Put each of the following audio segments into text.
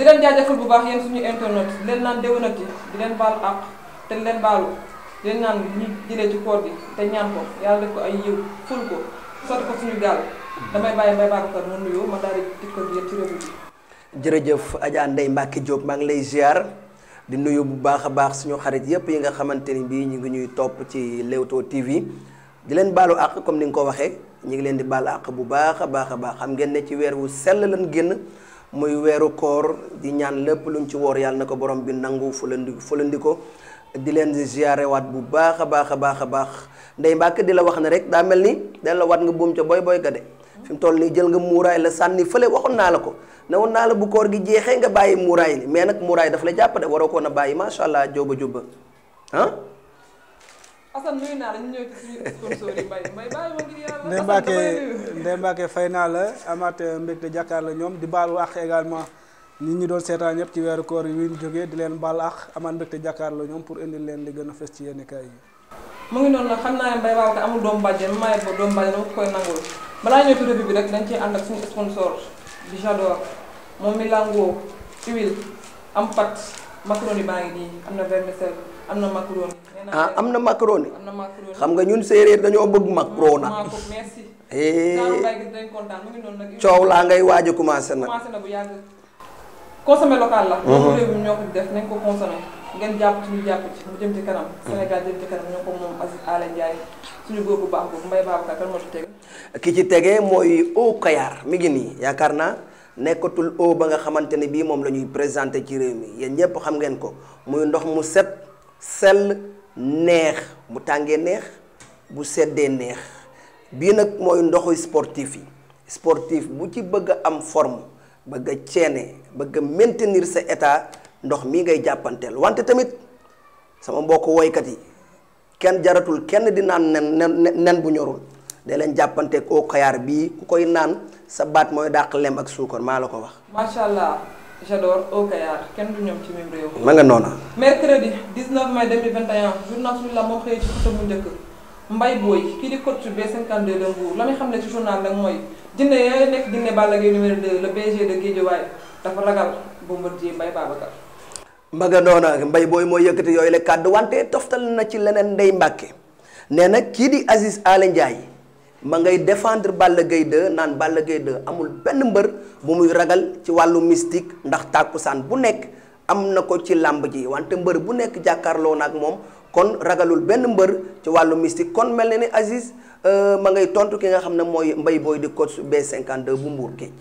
di leen jaajëfal bu baax yéen suñu internet di leen naan déwénati di leen baal àq te leen baalu di te maa ngi lay ziar di nuyu bu baax a baax suñu xarit yépp yi nga xamante ni bii ñu ngi ñuy topp ci Leewtoo TV di leen baalu àq comme ni nga ko waxee ñu ngi leen di baal àq bu baax a baax a baax xam ngeen ne ci weer wu sell lan génn muy weeru koor di ñaan lépp luñ ci woor yàlla na ko borom bi nangu fulandi fulandi ko di leen ziarewaat bu baax a baax a baax a baax ndey mbàkk di la wax ne rek daa mel ni dañ la nga buum ca boy boy ga de fi mu toll nii jël nga muuraay la sànni fële waxoon naa la ko ne woon naa la bu koor gi jeexee nga bàyyi muuraay li mais nag muuraay daf la jàpp de waroo koon a bàyyi macha allah jóoba jóoba ah Assane nuyu naa la ñu ñëw ci suñu sponsor yi Mbaye Mbaye bàyyi ngir yàlla. Ndeye Mbacke Ndeye fay naa la amaat mbégte jàkkaar la ñoom di baalu àq également nit ñi doon seetaan ñëpp ci weeru koor yi ñu jógee di leen baal àq amaat mbégte jàkkaar la ñoom pour indil leen li gën a fës ci yenn kaay yi. mu ngi noonu nag xam naa ne Mbaye Babacar amul doomu bàjjen maye ko doomu bàjjen dama koy nangul balaa ñëw ci revue bi rek dañ ciy ànd ak suñu sponsor di Jador moom mi langoo huile am pat am na vermicelle am na macaroni Ah, am na macroni xam nga ñun séeréer dañoo bëgg macarona eh. coow laa ngay waaj a commencé nag consommé local la mhm. ci mhm. tege ki ci tege mooy au Kayar mi ngi nii yaakaar naa nekkatul au ba nga xamante ne bii moom la ñuy présenté ci réew mi yéen ñëpp xam ngeen ko muy ndox mu set sell neex mu tàngee neex bu seddee neex bii nag mooy ndoxu sportif yi sportif bu ci bëgg am forme bëgg a ceene bëgg a sa état ndox mi ngay jàppanteel wante tamit sama mbokk woykat yi kenn jaratul kenn di naan nen nen bu ñorul da leen jàppanteeg au kayaar bii ku koy naan sa baat mooy dàq lem ak suukar maa la ko wax. macha allah. Jador au kenn du ñoom ci même réew. ma nga noona. mercredi 19 mai 2021 journal suñu la moo xëyee ci xëtam bu njëkk Mbaye Boye kii di coach B52 de Mbour la muy xam ne ci journal nag mooy jinne yooyu nekk jinne Balla Gaye numéro 2 le BG de Guédiawaye dafa ragal Bombardier Mbaye Babacar. ma nga noona Mbaye Boye mooy yëkkati yooyu la kàddu wante toftal na ci leneen ndey Mbàkke nee nag kii di Aziz Aly Ndiaye. ma ngay défendre Balla Gaye 2 naan Balla Gaye 2 amul benn mbër bu muy ragal ci wàllu mystique ndax tàkkusaan bu nekk am na ko ci làmb ji wante mbër bu nekk jàkkaarloo na ak moom kon ragalul benn mbër ci wàllu mystique kon mel na ni Aziz euh, ma ngay tontu ki nga xam ne mooy mbay booy di coach cinquante 52 bu mbuur géej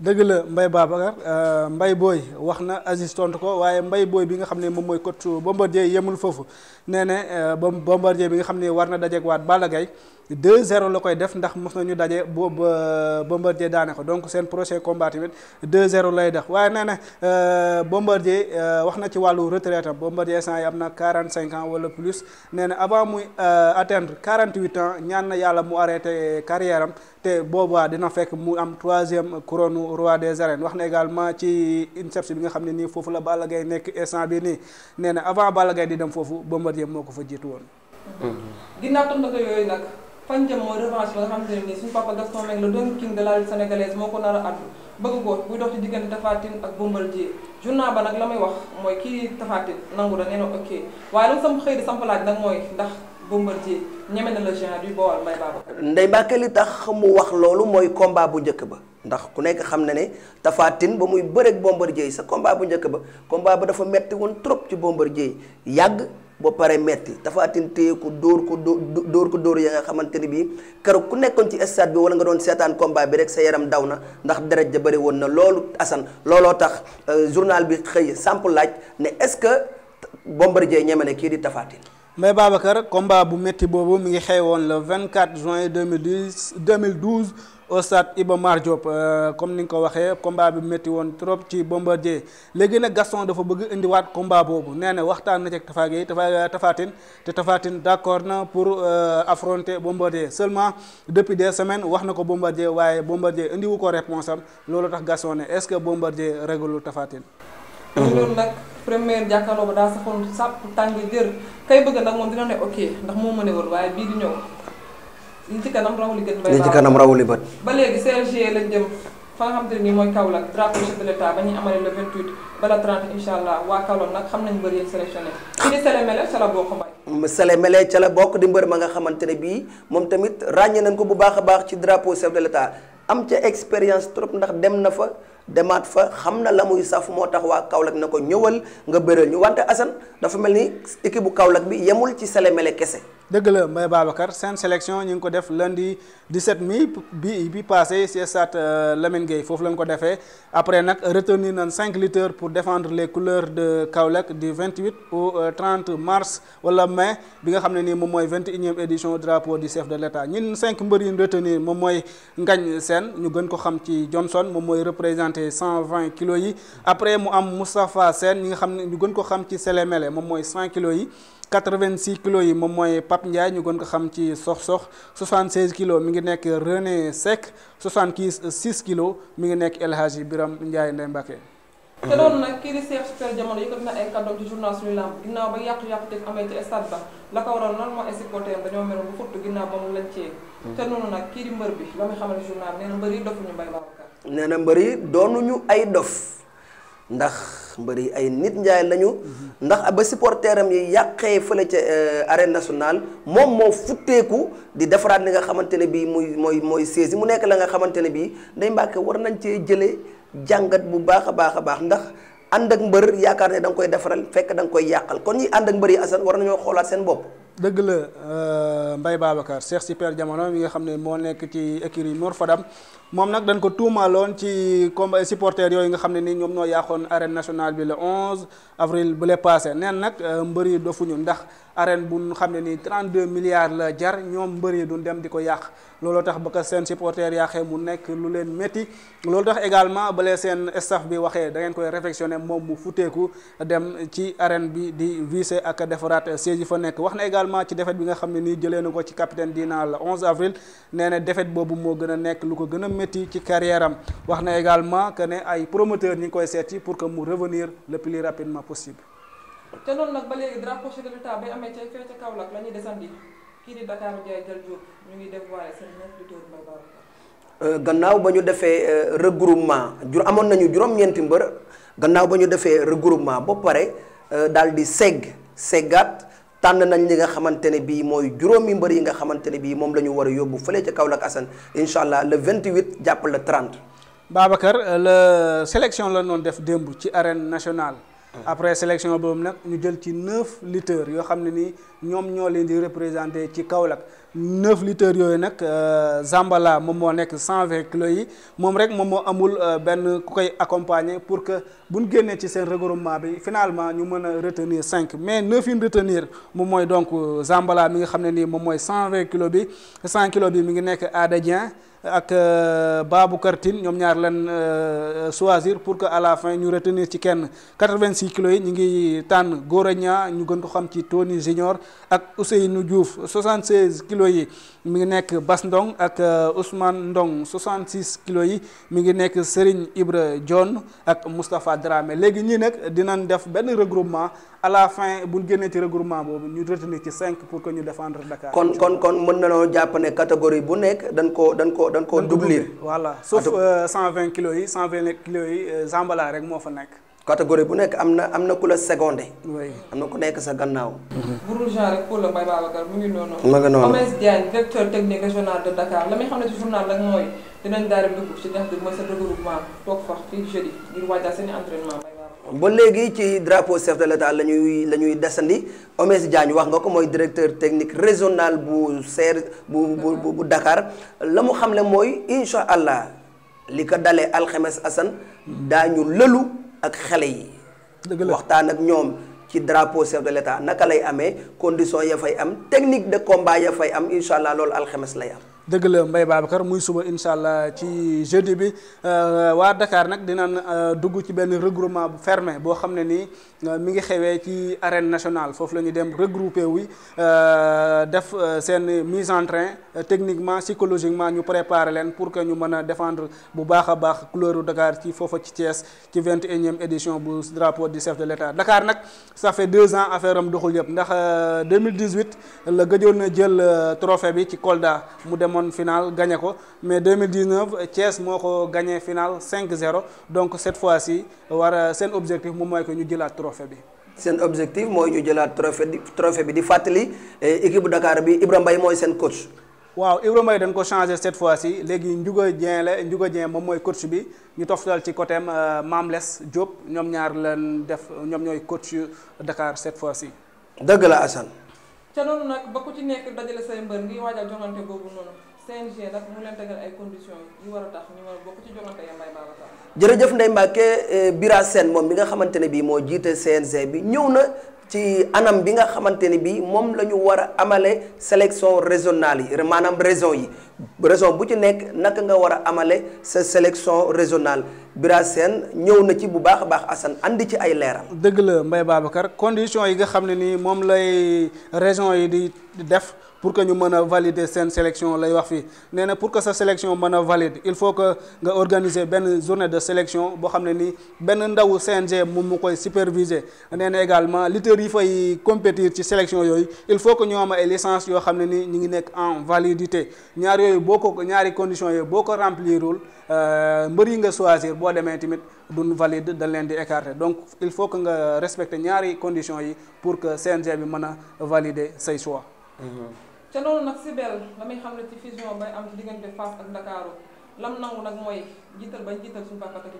dëgg la Mbaye Babacar euh, mbay booy wax na Aziz tontu ko waaye mbay booy bi nga xam ne moom mooy coach Bombardier yemul foofu nee na euh, Bombardier bi nga xam ne war na dajeek waat bala Gaye deux zéro la koy def ndax mos ñu daje bo ba Bombardier daane ko donc seen prochain combat tamit deux zéro lay def waaye nee na euh, Bombardier euh, wax na ci wàllu retraite am Bombardier sant yi am na quarante cinq ans wala plus nee na avant muy euh, atteindre quarante huit ans ñaan na yàlla mu arrêté carrière te boobaa dina fekk mu am troisième couronne roi des arènes wax na également ci INSEPS bi nga xam ne nii foofu la Balla Gaye nekk instant bi nii nee avant Balla di dem foofu Bombardier moo ko fa jiitu woon. fañ jëm mooy revanche ba nga xamante ne nii suñu papa Gaston Mbengue le Don King de sénégalaise moo ko nar a àddu bëgg ko buy dox ci diggante Tapha Tine ak Bombardier journal ba nag la may wax mooy kii Tapha Tine nangu da nee na ok waaye nag mooy ndax Bombardier ñeme na la géant du Baol Mbaye Babacar Ndeye Mbacké li tax mu wax loolu mooy combat bu njëkk ba ndax ku nekk xam ne ne Tapha Tine ba muy bëreeg Bombardier sa combat bu njëkk ba combat ba dafa metti woon trop ci Bombardier yàgg ba pare metti Tapha Tine téye ko dóor ko dóor ko dóor ya nga xamante ni bii keroog ku nekkoon ci stade bi wala nga doon seetaan combat bi rek sa yaram daw na ndax deret da bëri woon na loolu Assane looloo tax euh, journal bi xëy samp laaj ne est-ce que Bombardier ñeme ne kii di Tapha Tine mais Babacar combat bu métti boobu mu ngi xew woon le 24 juin mille 2012 au stade Iba Mar euh, comme ni nga ko waxee combat bi métti woon trop ci Bombardier léegi nag Gaston dafa bëgg indiwaat combat boobu nee na waxtaan na ci Tapha Gueye Tapha euh, Tapha Tine te Tapha Tine d'accord na pour euh, affronter Bombardier seulement depuis de semaine wax na ko Bombardier waaye Bombardier indiwu ko réponse am loolu tax Gaston ne est-ce que Bombardier régulul Tapha Tine loolu nag première jàkkaarloo ba daa saxoon sàpp tàng jër kay bëgg nag moom dina ne ok moo mënewul waaye bii li ci kanam rawuli kanam rawuli bët. ba léegi CRG lañ jëm fa nga xam te ni mooy Kaolack drapeau ba ñuy amale le 28 ba la 30 incha allah waa Kaolack nag xam nañ mbër yéen sélectionné ki di Sele Mele ca la bokk mbay. Sele Mele ca di mbër a nga xamante ne bii moom tamit ràññee nañ ko bu baax a baax ci drapeau chef de l'État am ca expérience trop ndax dem na fa. demaat fa xam na la muy saf moo tax waa Kaolack na ko ñëwal nga bëral ñu wante Assane dafa mel ni équipe bu Kaolack bi yemul ci Sélémélé kese. dëgg la Mbaye Babacar seen sélection ñu ngi ko def lundi 17 mai bi bi passé ci stade euh, Lamine Gueye foofu lañ ko defee après nag retenir nañ 5 lutteurs pour défendre les couleurs de Kaolack du 28 au 30 euh, mars wala mai bi nga xam ne nii moom mooy 21e édition drapeau du chef de l' état ñun 5 mbër yi gën ko xam ci Johnson moom mooy représenté. cent vingt kilos yi après mu am Moustapha Sène ñi nga xam ne ñu gën ko xam ci Sélémélé moom mooy cent kilos yi 86 kilos yi moom mooy Pape Ndiaye ñu gën ko xam ci sox-sox 76 kilos mi ngi nekk René Seck 76 kilos mi ngi nekk El Hadji Biram Ndiaye Ndeye Mbacke. te loolu nag kii di Cheikh Super Diamono yëkkati na ay kàddoom ci journal suñu lamb ginnaaw ba yàqu-yàqu teg amee ci stade ba la ko waral lan mooy supporter dañoo meroon bu futt ginnaaw ba mu nee na mbër yi doonuñu ay dof ndax mbër yi ay nit njaay lañu. ndax ba supporteram yi yàqee fële ca euh, arène nationale moom moo futteeku di defaraat li nga xamante ne bii muy mooy mooy saisi mu nekk la nga xamante ne bii day mbàkke war nañ cee jëlee jàngat bu baax a baax a baax ndax. ànd ak mbër yaakaar ne da nga koy defaral fekk da nga koy yàqal kon ñi ànd ak mbër yi asan war nañoo xoolaat seen bopp dëgg la euh, mbay Babacar Cheikh Super Jamono mi nga xam ne moo nekk ci écurie moor Fadam moom nag dañ ko tuumaaloon ci combat euh, supporters yooyu nga xam ne ni ñoom ñoo yàqoon arène nationale bi le onze avril bu le passé neen nag euh, mbër yi dofuñu ndax. arène bu ñu xam ne nii 32 milliards la jar ñoom mbër yi duñ dem di ko yàq looloo tax ba ko seen supporters yàqee mu nekk lu leen métti loolu tax également bale seen staff bi waxee dangeen ngeen koy réflexionné moom mu futeeku dem ci arène bi di visé ak defaraat siège yi fa nekk wax na également ci défaite bi nga xam ne nii jëlee na ko ci capitaine Dina la 11 avril nee na défaite boobu moo gën a nekk lu ko gën a métti ci carrière wax na également que ne ay promoteurs ñi koy seeti pour que mu revenir le plus rapidement possible te noonu nag ba léegi drapeau chef de l'État amee ca fee ca Kaolack la ñuy desandi kii di Dakar Ndiaye Jal Diop ñu ngi dévoilé seen neuf lutteurs Mbaye Babacar. Euh, gannaaw ba ñu defee euh, regroupement jur amoon nañu juróom-ñeenti mbër gannaaw ba ñu defee regroupement ba pare euh, daal di segg seggaat tànn nañ li nga xamante ne bii mooy juróomi mbër yi nga xamante ne bii moom la ñu war a yóbbu fële ci kawlak Assane incha allah le 28 jàpp le 30. Babacar la sélection la noonu def démb ci arène nationale. après sélection boobu nag ñu jël ci neuf liteurs yoo xam ne nii ñoom ñoo leen di représenté ci Kaolack neuf lutteurs yooyu nag euh, Zambala moom moo nekk cent kilos yi moom rek moom moo amul euh, benn ku koy accompagner pour que bu ñu génnee ci seen regroupement bi finalement ñu mën a retenir cinq mais neuf yi retenir moom mooy donc euh, Zambala mi nga xam ne nii moom mooy cent vingt kilos bi cent kilos bi mi ngi nekk Ada Dieng ak euh, Baboucar Tine ñoom ñaar lan euh, choisir pour que à la fin ñu retenir ci kenn 86 kilos yi ñu ngi tànn Gora Niang ñu gën ko xam ci Tony Junior ak Ousseynou Diouf 76 kilos yi mi ngi nekk Bas Ndong ak euh, Ousmane Ndong 66 yi mi ngi nekk Serigne Ibra Dione ak Moustapha Dramé léegi ñii nag dinañ def benn regroupement. à la fin bu ñu génnee ci regroupement boobu ñu retenir ci cinq pour que ñu défendre Dakar. kon kon kon mën nañoo jàpp ne catégorie bu nekk dañ koo dañ koo dañ koo doublir. voilà sauf euh, cent vingt kilos yi cent vingt kilos yi euh, Zambala rek moo fa nekk. catégorie bu nekk am na am na ku la secondé. am na ku nekk sa gannaaw. Mhm. Bourou Jean rek Paule Mbaye Babacar mu ngi noonu. mu ngi noonu Omès Diagne directeur technique régional de Dakar la may xam ne ci journal rek mooy dinañ daal di dugg ci ñax bi mooy seen regroupement toog fa ba léegi ci drapeau chef de l'état la ñuy la ñuy desandi Omès Diagne wax nga ko mooy directeur technique régional bu ser bu bu bu Dakar la mu xamle mooy incha allah li ko dale alxemes assan daañu lëlu ak xele yi. dëgg waxtaan ak ñoom. ci drapeau chef de l'état naka lay amee condition ya fay am technique de combat ya fay am incha allah loolu alxemes lay am. dëgg la Mbaye Babacar muy suba incha allah ci jeudi bi euh, waa Dakar nag dinañ euh, dugg ci benn regroupement bu fermé boo xam ne nii euh, mi ngi xewee ci arène nationale foofu la ñu dem regroupé wu def seen mise en train techniquement psychologiquement ñu préparer leen pour que ñu mën a défendre bu baax a baax couleuru Dakar ci foofa ci Thiès ci vingt et unième édition bu drapeau du chef de l'État Dakar nag ça fait deux ans affaire am doxul yëpp ndax 2018 la gëjoon na jël trophée bi ci Kolda demoon final gagné ko mais 2019 Thiès moo ko gagné final 5-0 donc cette fois-ci war seen objectif moom mooy que ñu jëlaat trophée bi. seen objectif mooy ñu jëlaat trophée di bi di fàttali eh, équipe bu Dakar bi Ibrahima Mbaye mooy seen coach. waaw Ibrahima Mbaye dañ ko changé cette fois-ci léegi Ndiouga Dieng la Ndiouga Dieng moom mooy coach bi ñu toftal ci côté euh, Mamles Diop ñoom ñaar lañ def ñoom ñooy coach Dakar cette fois-ci. dëgg la Assane. ca noonu nag ba ku ci CNG nag mu leen tegal ay jërëjëf Ndeye Mbacke eh, Bira Sène moom bi nga xamante ne bii moo jiite CNG bi ñëw na ci anam bi nga xamante ne bii moom la ñu war a amale sélection régionale yi maanaam région yi. raison bu ci nekk naka nga war a amale sa sélection régionale Bira Sène ñëw na ci bu baax a baax Assane indi ci ay leeral. dëgg la Mbaye Babacar condition yi nga xam ne nii moom lay région yi di def pour que ñu mën a valider seen sélection lay wax fii nee na pour que sa sélection mën a valide il faut que nga organiser benn journée de sélection boo xam ne nii benn ndawu CNG moom mu koy superviser nee na également lutteurs yi fay compétir ci sélection yooyu il que ñu am ay yoo xam ne nii ñu ngi nekk en yooyu boo ko ñaari condition yooyu boo ko remplirul euh, mbër yi nga choisir boo demee tamit duñ valide dañ leen di écarter donc il faut que nga respecter ñaari conditions yi pour que CNG bi mën a valider say choix. Mhm. ca loolu nag Sibel damay xam ne ci fusion bay am diggante Fass ak Ndakaaru lam nangu nag mooy jiital bañ jiital suñu papa Kati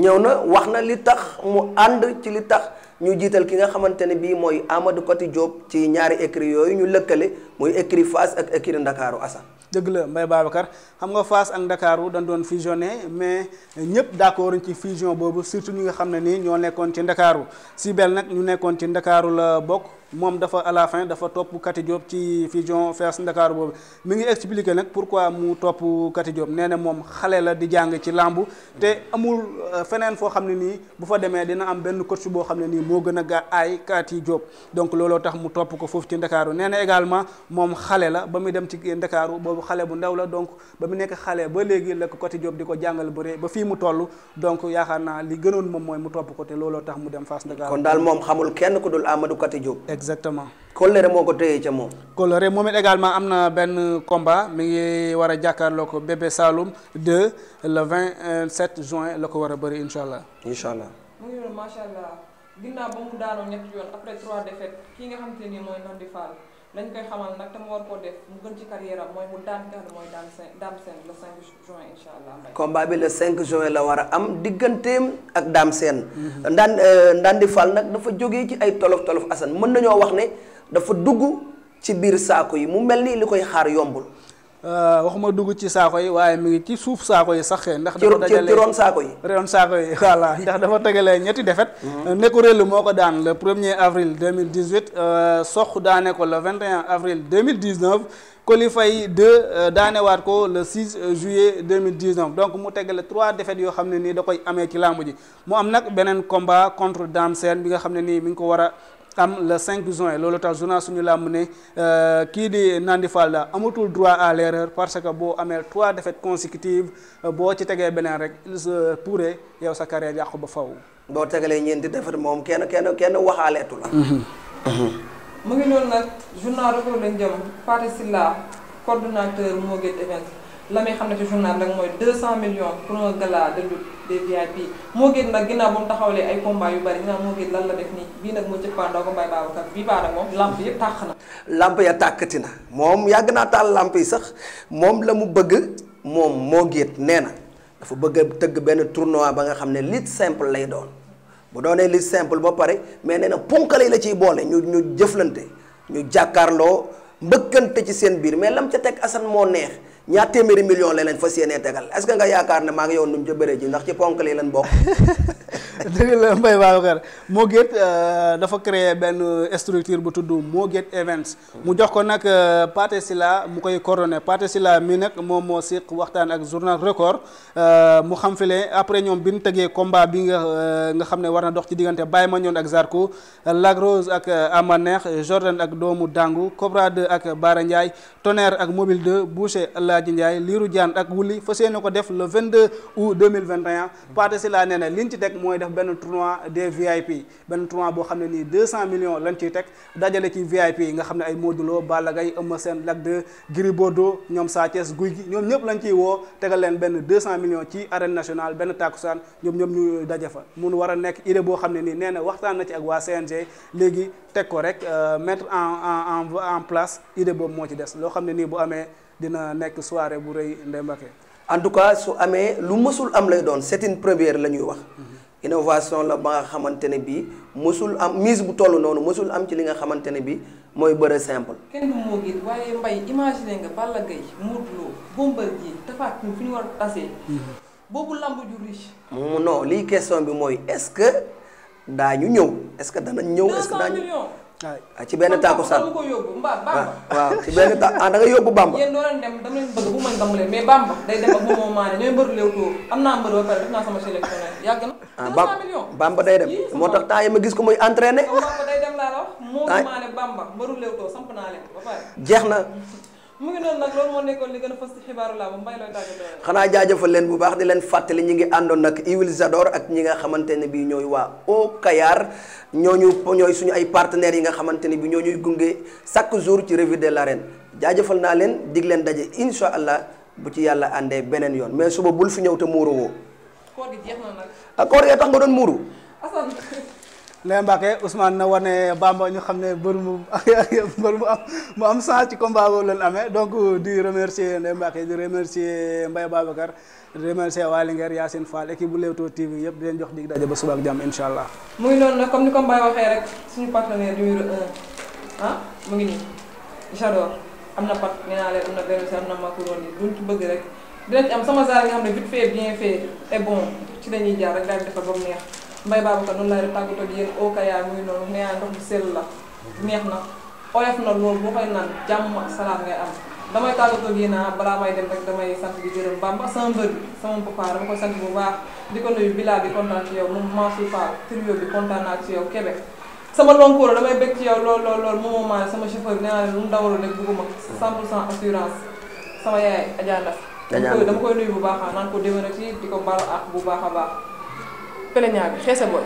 ñëw na wax na li tax mu ànd ci li tax ñu jiital ki nga xamante ne bii mooy Amadou Kati Diop ci ñaari écrit yooyu ñu lëkkale muy écrit Fass Ndakaaru Assane. dëgg la Mbaye Babacar xam nga fas ak Ndakaaru dañ doon fusionné mais ñëpp d'accord ci fusion boobu surtout ñi nga xam ne nii ñoo nekkoon ci Ndakaaru Sibel nag ñu nekkoon ci Ndakaaru la bokk moom dafa à fin dafa topp Kati Diop ci fusion Fees Ndakaaru boobu mi ngi expliqué pour pourquoi mu topp Kati Diop nee na moom xale la di jàng ci làmb te amul euh, feneen foo xam ne nii bu fa demee dina am benn coach boo xam ne nii moo gën a gaa aay Kati Diop donc looloo tax mu topp ko foofu ci Ndakaaru nee na également moom xale la ba mu dem ci Ndakaaru boobu xale bu ndaw la donc ba mu nekk xale ba léegi la ko Kati Diop di ko jàngal bëre ba fii mu toll donc yaakaar naa li gënoon moom mooy mu topp ko te looloo tax mu dem Fass Ndakaaru moom xamul kenn ku dul Amadou Kati Diop exactement. Colère moo ko téye ca moom. Colère moom it également am na benn combat mi ngi war a jàkkaarloo ko Bébé Saloum 2 le 27 juin la ko war a bëri incha allah. incha allah. mu ngi noonu macha allah ba mu daanoo ñetti yoon après trois défaites ki nga xamante ni mooy Nandi Fall. nañ koy xamal nag te mu war koo def mu gën ci carrière mooy mu daan kenn mooy daan seen daam seen le 5 juin incha allah. la war a am digganteem ak daam seen. Mm-hmm. ndaan euh, ndaan di fal nag dafa jógee ci ay tolof tolof asan mën nañoo wax ne dafa dugg ci biir saako yi mu mel ni li koy xaar yombul. Euh, waxuma dugg ci saako yi waaye mu ngi ci suuf saako yi sax ndax dafa dajale ci ron saako yi ron saako yi voilà ndax dafa tegalee ñetti defet mhm. Nekorellu moo ko daan le premier avril 2018 euh, Sokh daane ko le 21 avril 2019 Coly Faye 2 euh, daanewaat ko le 6 juillet 2019 donc mu teggale trois défaites yoo xam ne nii da koy amee ci làmb ji mu am nag beneen combat contre Dame Sène bi nga xam ne nii mi ngi ko war a am le 5 juin loolu tax journal suñu làmb ne euh, kii di Nandi Fall amatul droit à l'erreur parce que boo amee trois défaites consécutives euh, boo ci tegee beneen rek il se pourrait yow sa carrière yàqu ba faw boo tegalee ñeenti défaite moom kenn kenn kenn waxaaleetu la mhm. Mhm. mu ngi noonu nag journal record lañ jëm Paté Silla coordonnateur moo gën event la muy xam ne ci journal nag mooy 200 millions pour un moo gën nag ginnaaw ba mu taxawalee ay combat yu bari ginnaaw bii nag moo cëppaandoo ko mbay Babacar bii baa nag moom lamp yëpp tàq moom yàgg naa taal lamp yi sax moom la mu bëgg moom moo géet nee na dafa bëgg a tëgg benn tournoi ba nga xam ne lutte simple lay doon bu doonee lutte simple ba pare mais nee na ponkale la ciy boole ñu ñu jëflante ñu jàkkaarloo mbëkkante ci seen biir mais lam ca teg Assane moo neex ñaar téeméeri million la leen fas yéenee tegal est-ce que nga yaakaar ne maa ngi yow mu ca bëree ndax ci ponk lii lan bokk. dëgg la Mbaye euh, dafa créer benn structure bu tudd gét Events. mu jox ko nag euh, Pathé Sylla mu koy coordonné pate silla mi nag moom moo siq waxtaan ak journal record euh, mu xam file après ñoom bi nu tegee combat bi nga nga xam ne war na dox ci diggante Baye Mandione ak Zarko Lac Rose ak Amanex Jordan ak doomu Dangu Cobra Alaaji Ndiaye liiru jaan ak wuli fas yéene ko def le 22 août 2021 Pathé Sylla nee liñ ci teg mooy def benn tournoi des VIP benn tournoi boo xam ne nii 200 lañ ciy teg dajale ci VIP yi nga xam ne ay Modou Lo Balla Gaye Eumeu Sène Lac ñoom Sa Thiès Gouye Gui ñoom ñëpp lañ ci woo tegal leen benn 200 millions ci arène nationale benn tàkkusaan ñoom ñoom ñu daje fa mun war a nekk idée boo xam ne nii nee na waxtaan na ci ak waa CNG léegi teg ko rek euh, mettre en en en place idée boobu moo ci des loo xam dina nekk soirée bu rëy Ndeye Mbacké en tout cas su amee lu mësul am lay doon c'est une première la ñuy wax mhm. innovation la ba nga xamante ne bii mësul am mise bu toll noonu mësul am ci li nga xamante ne bii mooy bëre simple. kenn du moo gis waaye mbay imaginer nga Balla Gaye Modou Lo Bombardier Tapha Tine fi ñu war a tasee. Mhm. boobu lamb ju riche. non lii question bi mooy est-ce que daañu ñëw est-ce que danañ ñëw. est que daañu Ah, ci benn taako sax ko yóbbu Bamba. Ah, waaw ci benn ta a ah, da nga yóbbu Bamba. yéen doo leen dem dama leen bëgg bu may gamu day dem ba pare def naa sama sélection yàgg na. ah Bamba day dem moo tax temps yi ma gis ko muy entraîné. Bamba la wax. moomu maane Bamba mbëru Leewtoo mu ngi noonu nag xanaa jaajëfal leen bu baax di leen fàttali ñi ngi àndoon nag Iwil Zador ak ñi nga xamante ne bii ñooy waa O kayaar ñoo ñu ñooy suñu ay partenaires yi nga xamante ne bi ñoo ñuy gunge chaque jour ci revue la l'arène jaajëfal naa leen dig leen daje incha allah bu ci yàlla àndee beneen yoon mais suba bul fi ñëw te muuroo woo koor gi jeex na nag ah, koor gee tax nga doon muuru Ndeye Mbacke Ousmane na wane Bamba ñu xam ne mbër mu mbër mu am mu am sens ci combat boobu amee donc di remercier Ndeye Mbacke di remercier Mbaye Babacar di remercier waa Linguère Yacine Fall équipe bu Leewtoo TV yëpp di leen jox dig daje ba suba ak jàmm incha allah. mu ngi noonu nag comme ni ko Mbaye waxee rek suñu partenaire numéro un ah mu ngi nii j'adore am na pat nee naa leen am na vermicelle am na macaroni duñ ci bëgg rek dinañ am sama zaar nga xam Mbaye Babacar noonu laa tàggatoo ak yéen okayaa muy noonu nee naa ndox bu sell la neex na oyof na loolu boo koy naan jàmm ak salaat ngay am damay tàggatoo ak yéen ah, balaa may dem rek damay sant bi sama papa dama koy sant bu baax di ko nuyu Bilal di kontaan sama lonkoor damay bëgg ci yow lool lool moom maa sama chauffeur nee naa ne lu mu dawaloo rek bëgguma 100% assurance sama yaay Adja dama koy nuyu bu baax ah, naan ko déwénati di ko mbaalu ak bu baax a baax plaignant bi xeese booy.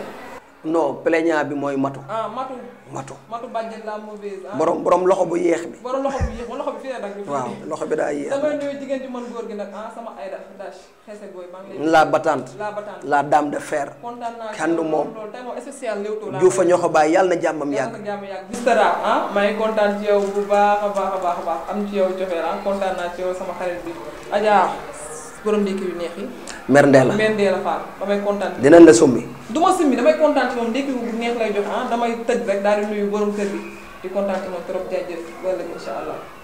non plaignant bi mooy matu. ah matu. matu matu bàjjen la mauvaise. Ah. borom borom loxo bu yéex bi. borom loxo loxo bi fii la dagg. waaw loxo bi daa yéex. damay nuyu jigéen ji góor gi nag ah, sama ay dash xeese booy. maa ngi lay la battante la battante de fer. kontaan naa ci kandu moom tey moom spécial Leewtoo yàlla na jàmmam yàgg. yàlla na jàmmam yàgg. Mistara ah kontaan ci yow bu baax a baax a baax a baax am ci yow joxe ah kontaan ci yow sama xarit bi Adja borom ndékki yu neex yi mer ndee la mer ndee la Fall damay kontaan. dinañ la summi. du ma summi damay kontaan ci moom ndekki bu neex lay jox ah damay tëj rek daal di nuyu borom kër gi di kontaan ci moom trop jaajëf wala incha allah.